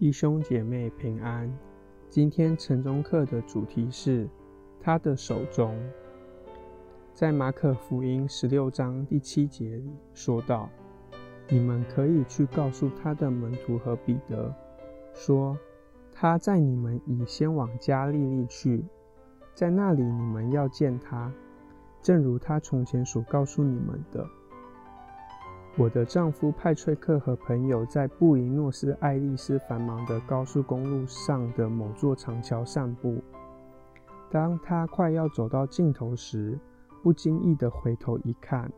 .弟兄姐妹平安，今天晨鐘課的主題是他的手中。在馬可福音十六章第七節裡說道：“你們可以去告訴他的門徒和彼得，說他在你們已先往加利利去，在那裡你們要見他，正如他從前所告訴你們的。”我的丈夫派翠克和朋友在布宜諾斯艾利斯繁忙的高速公路上的某座長橋散步。當他快要走到盡頭時，不經意地回頭一看，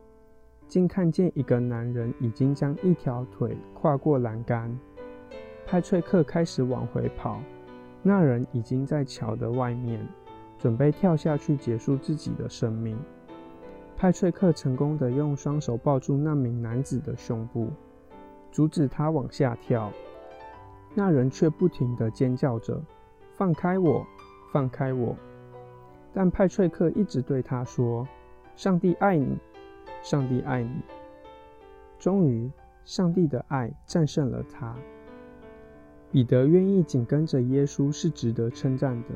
竟看見一個男人已經將一條腿跨過欄杆。派翠克開始往回跑，那人已經在橋的外面，準備跳下去結束自己的生命。派翠克成功地用雙手抱住那名男子的胸部，阻止他往下跳。那人卻不停地尖叫着：“放開我，放開我！”但派翠克一直對他說：“上帝愛你，上帝愛你。”終於，上帝的愛戰勝了他。彼得願意緊跟着耶穌是值得稱讚的。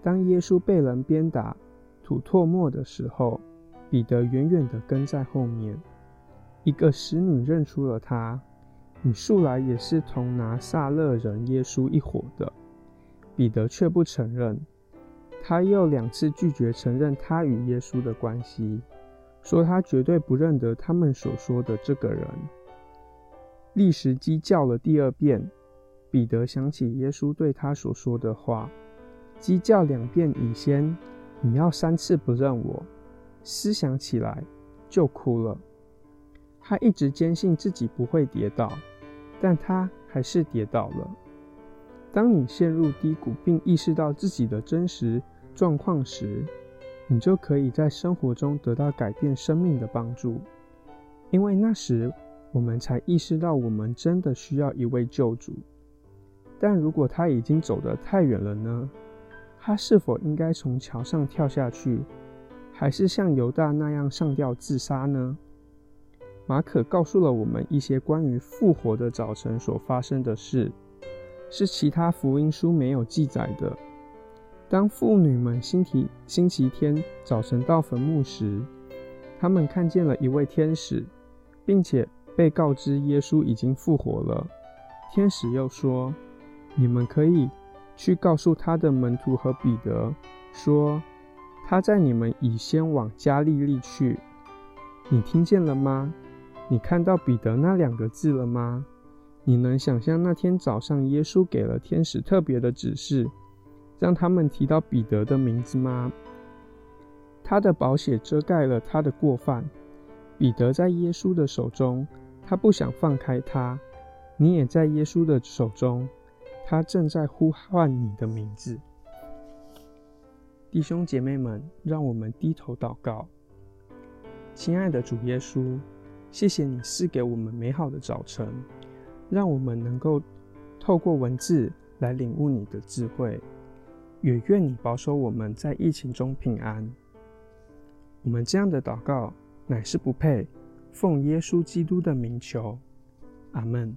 當耶穌被人鞭打、吐唾沫的時候，彼得遠遠地跟在後面。一個使女認出了他：“你素來也是同拿撒勒人耶穌一夥的。”彼得卻不承認，他又兩次拒絕承認他與耶穌的關係，說他絕對不認得他們所說的這個人。立時雞叫了第二遍，彼得想起耶穌對他所說的話：“雞叫兩遍以先，你要三次不認我。”思想起來就哭了。他一直堅信自己不會跌倒，但他還是跌倒了。當你陷入低谷並意識到自己的真實狀況時，你就可以在生活中得到改變生命的幫助。因為那時，我們才意識到我們真的需要一位救主。但如果他已經走得太遠了呢？他是否應該從橋上跳下去？還是像猶大那樣上吊自殺呢？馬可告訴了我們一些關於復活的早晨所發生的事，是其他福音書沒有記載的。當婦女們星期星期天早晨到墳墓時，他們看見了一位天使，並且被告知耶穌已經復活了。天使又說：“你們可以去告訴他的門徒和彼得，說。”他在你們以先往加利利去。你聽見了嗎？你看到彼得那兩個字了嗎？你能想象那天早上耶穌給了天使特別的指示，讓他們提到彼得的名字嗎？他的寶血遮蓋了他的過犯。彼得在耶穌的手中，他不想放開他。你也在耶穌的手中，他正在呼喚你的名字。弟兄姐妹們，讓我們低頭禱告。親愛的主耶穌，謝謝你賜給我們美好的早晨，讓我們能夠透過文字來領悟你的智慧，也願你保守我們在疫情中平安。我們這樣的禱告乃是不配，奉耶穌基督的名求。阿門。